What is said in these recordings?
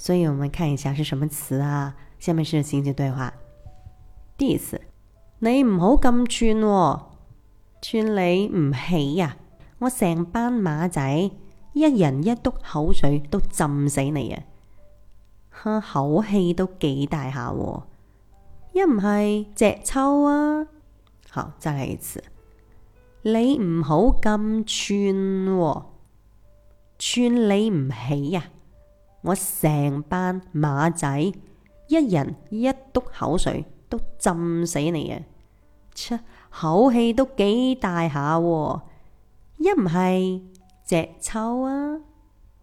所以我們看一下是什麼詞啊？下面是情景對話。第一次，你唔好咁串喎，串你唔起呀、啊！我成班馬仔，一人一督口水都浸死你啊！哈，口氣都幾大下、喎，一唔係隻抽啊！好，再嚟一次，你唔好咁串喎，串你唔起呀、啊！我成班馬仔，一人一督口水都浸死你啊！切，口氣都幾大下喎，一唔係隻抽啊！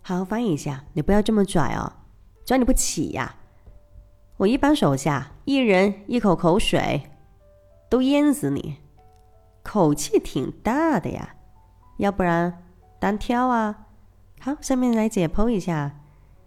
好，翻譯一下，你不要這麼拽哦、啊，拽你不起呀、啊！我一班手下，一人一口口水都淹死你，口氣挺大的呀、啊，要不然單挑啊！好，下面來解剖一下。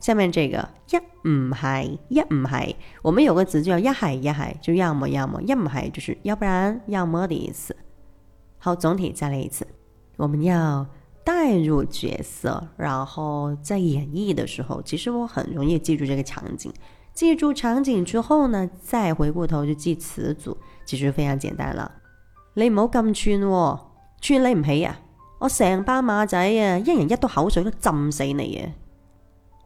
下面這個一唔係一唔係，我們有個詞叫一係一係，就要麼要麼要麼係，就是要不然要麼的意思。好，總體再來一次。我們要代入角色，然後在演繹的時候，其實我很容易記住這個場景。記住場景之後呢，再回過頭就記詞組，其實非常簡單了。你唔好咁串喎，串你唔起啊！我成班馬仔啊，一人一督口水都浸死你啊！